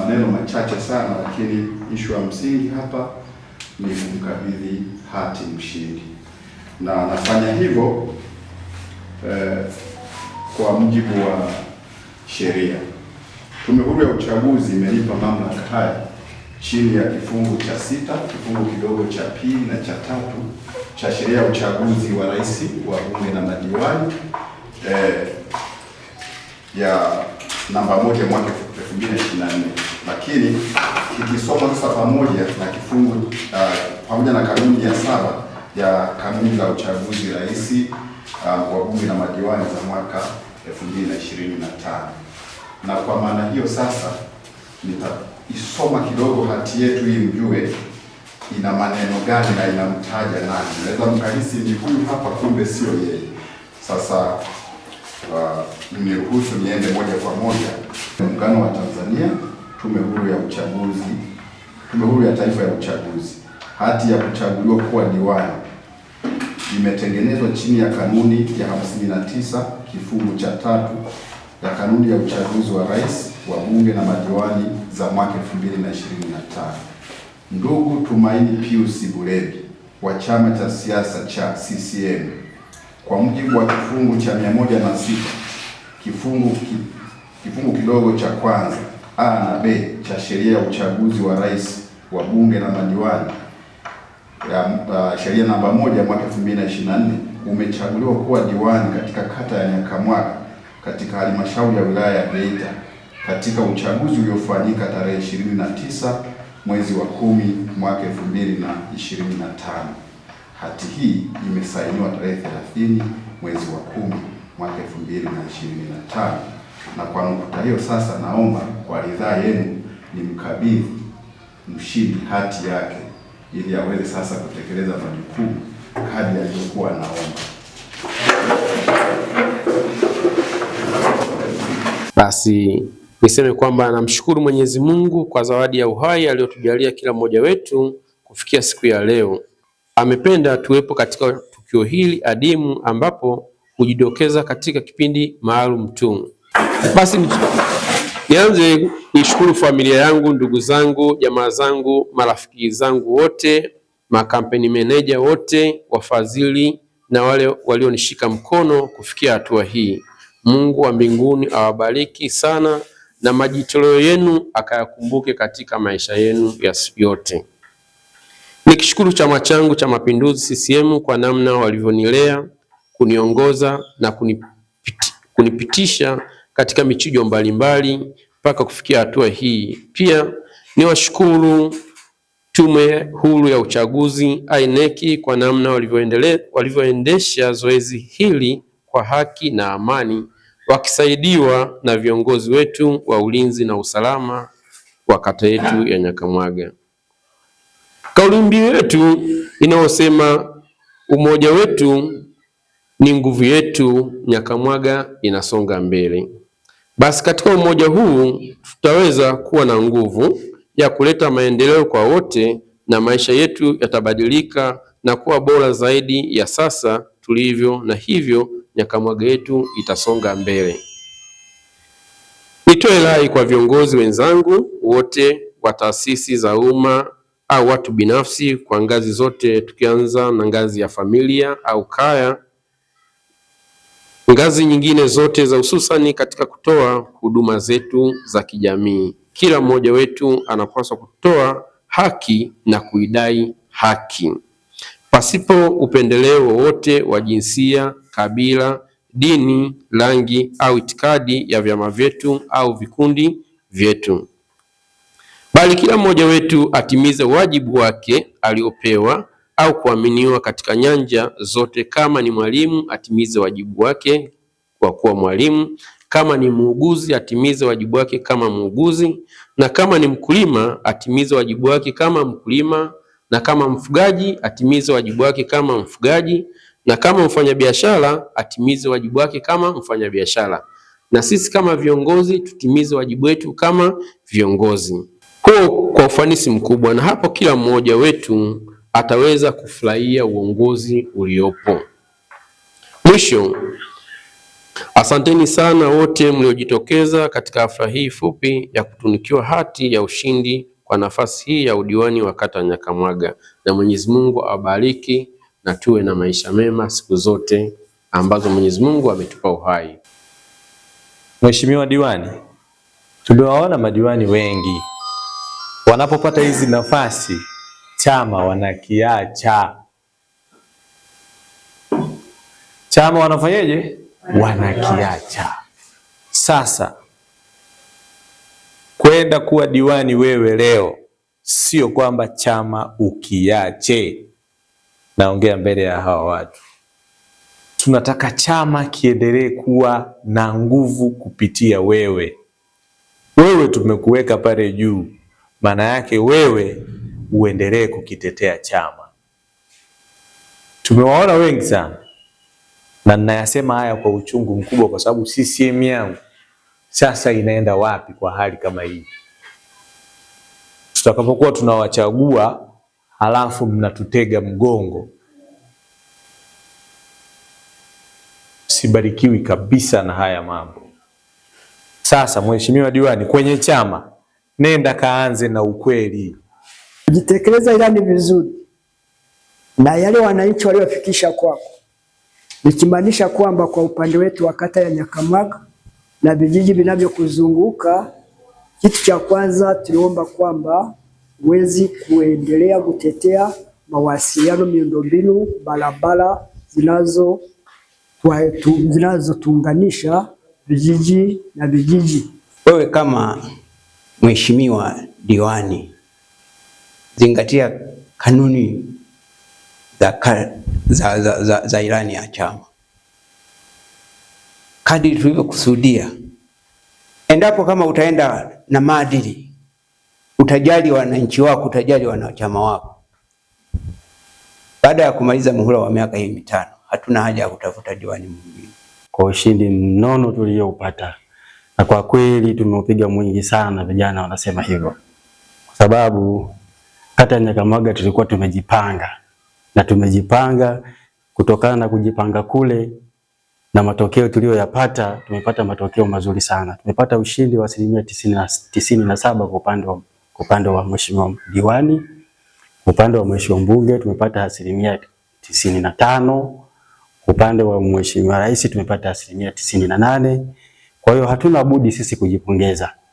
maneno machache sana, lakini ishu ya msingi hapa ni kumkabidhi hati mshindi, na anafanya hivyo eh, kwa mujibu wa sheria. Tume Huru ya Uchaguzi imenipa mamlaka haya chini ya kifungu cha sita kifungu kidogo cha pili na cha tatu cha sheria ya uchaguzi wa rais wa bunge na madiwani eh, ya namba moja mwaka 2024 lakini kikisoma sasa pamoja na kifungu uh, pamoja na kanuni ya saba ya kanuni za uchaguzi rais uh, wa bunge na madiwani za mwaka 2025 na kwa maana hiyo sasa nitaisoma kidogo hati yetu hii, mjue ina maneno gani na inamtaja nani. Naweza mkahisi ni huyu hapa, kumbe sio yeye. Sasa uh, niruhusu niende moja kwa moja. Muungano wa Tanzania Tume Huru ya Uchaguzi, Tume Huru ya Taifa ya Uchaguzi. Hati ya kuchaguliwa kuwa diwani imetengenezwa chini ya kanuni ya 59 kifungu cha tatu ya kanuni ya uchaguzi wa rais, wa bunge na madiwani za mwaka 2025. Ndugu Tumaini Pius Bulebi wa chama cha siasa cha CCM kwa mujibu wa kifungu cha 106 kifungu, kifungu kidogo cha kwanza A na B cha sheria ya uchaguzi wa rais wa bunge na madiwani ya uh, sheria namba moja mwaka 2024 umechaguliwa kuwa diwani katika kata ya Nyakamwaga katika halmashauri ya wilaya ya Geita katika uchaguzi uliofanyika tarehe 29 mwezi wa kumi mwaka 2025. Hati hii imesainiwa tarehe 30 mwezi wa kumi mwaka 2025 na kwa nukta hiyo sasa, naomba kwa ridhaa yenu mkabidhi mshindi hati yake ili aweze sasa kutekeleza majukumu kadri aliyokuwa naomba. Basi niseme kwamba namshukuru Mwenyezi Mungu kwa zawadi ya uhai aliyotujalia kila mmoja wetu kufikia siku ya leo. Amependa tuwepo katika tukio hili adimu ambapo hujidokeza katika kipindi maalum tu. Basi nianze nishukuru familia yangu, ndugu zangu, jamaa zangu, marafiki zangu wote, makampeni meneja wote, wafadhili na wale walionishika mkono kufikia hatua hii. Mungu wa mbinguni awabariki sana na majitoleo yenu akayakumbuke katika maisha yenu ya siku yote. Nikishukuru chama changu cha Mapinduzi CCM kwa namna walivyonilea, kuniongoza na kunipiti, kunipitisha katika michujo mbalimbali mpaka kufikia hatua hii. Pia niwashukuru Tume Huru ya Uchaguzi INEC kwa namna walivyoendesha zoezi hili kwa haki na amani, wakisaidiwa na viongozi wetu wa ulinzi na usalama wa kata yetu ya Nyakamwaga. Kauli mbiu yetu inayosema umoja wetu ni nguvu yetu, Nyakamwaga inasonga mbele. Basi katika umoja huu tutaweza kuwa na nguvu ya kuleta maendeleo kwa wote na maisha yetu yatabadilika na kuwa bora zaidi ya sasa tulivyo, na hivyo Nyakamwaga yetu itasonga mbele. Nitoe rai kwa viongozi wenzangu wote wa taasisi za umma au watu binafsi kwa ngazi zote, tukianza na ngazi ya familia au kaya ngazi nyingine zote za hususani katika kutoa huduma zetu za kijamii. Kila mmoja wetu anapaswa kutoa haki na kuidai haki pasipo upendeleo wowote wa jinsia, kabila, dini, rangi au itikadi ya vyama vyetu au vikundi vyetu, bali kila mmoja wetu atimize wajibu wake aliopewa au kuaminiwa katika nyanja zote, kama ni mwalimu atimize wajibu wake kwa kuwa mwalimu, kama ni muuguzi atimize wajibu wake kama muuguzi, na kama ni mkulima atimize wajibu wake kama mkulima, na kama mfugaji atimize wajibu wake kama mfugaji, na kama mfanyabiashara atimize wajibu wake kama mfanyabiashara, na sisi kama viongozi tutimize wajibu wetu kama viongozi, huo kwa ufanisi mkubwa, na hapo kila mmoja wetu ataweza kufurahia uongozi uliopo. Mwisho, asanteni sana wote mliojitokeza katika hafla hii fupi ya kutunukiwa hati ya ushindi kwa nafasi hii ya udiwani wa kata Nyakamwaga, na Mwenyezi Mungu awabariki na tuwe na maisha mema siku zote ambazo Mwenyezi Mungu ametupa uhai. Mheshimiwa diwani, tumewaona madiwani wengi wanapopata hizi nafasi chama wanakiacha. Chama wanafanyeje? Wanakiacha. Sasa kwenda kuwa diwani wewe leo sio kwamba chama ukiache. Naongea mbele ya hawa watu. Tunataka chama kiendelee kuwa na nguvu kupitia wewe. Wewe tumekuweka pale juu, maana yake wewe uendelee kukitetea chama. Tumewaona wengi sana, na ninayasema haya kwa uchungu mkubwa, kwa sababu CCM yangu sasa inaenda wapi kwa hali kama hii? Tutakapokuwa tunawachagua halafu mnatutega mgongo, sibarikiwi kabisa na haya mambo. Sasa mheshimiwa diwani, kwenye chama nenda kaanze na ukweli kujitekeleza ilani vizuri na yale wananchi waliofikisha kwako, nikimaanisha kwamba kwa upande wetu wa kata ya Nyakamaga na vijiji vinavyokuzunguka, kitu cha kwanza tuliomba kwamba uwezi kuendelea kutetea mawasiliano, miundombinu, barabara zinazo zinazotuunganisha vijiji na vijiji. Wewe kama mheshimiwa diwani zingatia kanuni za, za, za, za, za ilani ya chama kadiri tulivyokusudia. Endapo kama utaenda na maadili, utajali wananchi wako, utajali wanachama wako. Baada ya kumaliza muhula wa miaka hii mitano, hatuna haja ya kutafuta diwani mwingine. Kwa ushindi mnono tuliyoupata na kwa kweli tumeupiga mwingi sana, vijana wanasema hivyo, kwa sababu hata ya Nyakamaga tulikuwa tumejipanga na tumejipanga kutokana na kujipanga kule na matokeo tuliyoyapata, tumepata matokeo mazuri sana. Tumepata ushindi wa asilimia tisini na saba kwa upande wa upande wa mheshimiwa diwani, upande wa mheshimiwa mbunge tumepata asilimia tisini na tano upande wa mheshimiwa rais tumepata asilimia tisini na nane Kwa hiyo hatuna budi sisi kujipongeza.